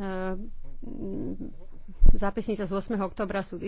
E, zápisnica z 8. oktobra sú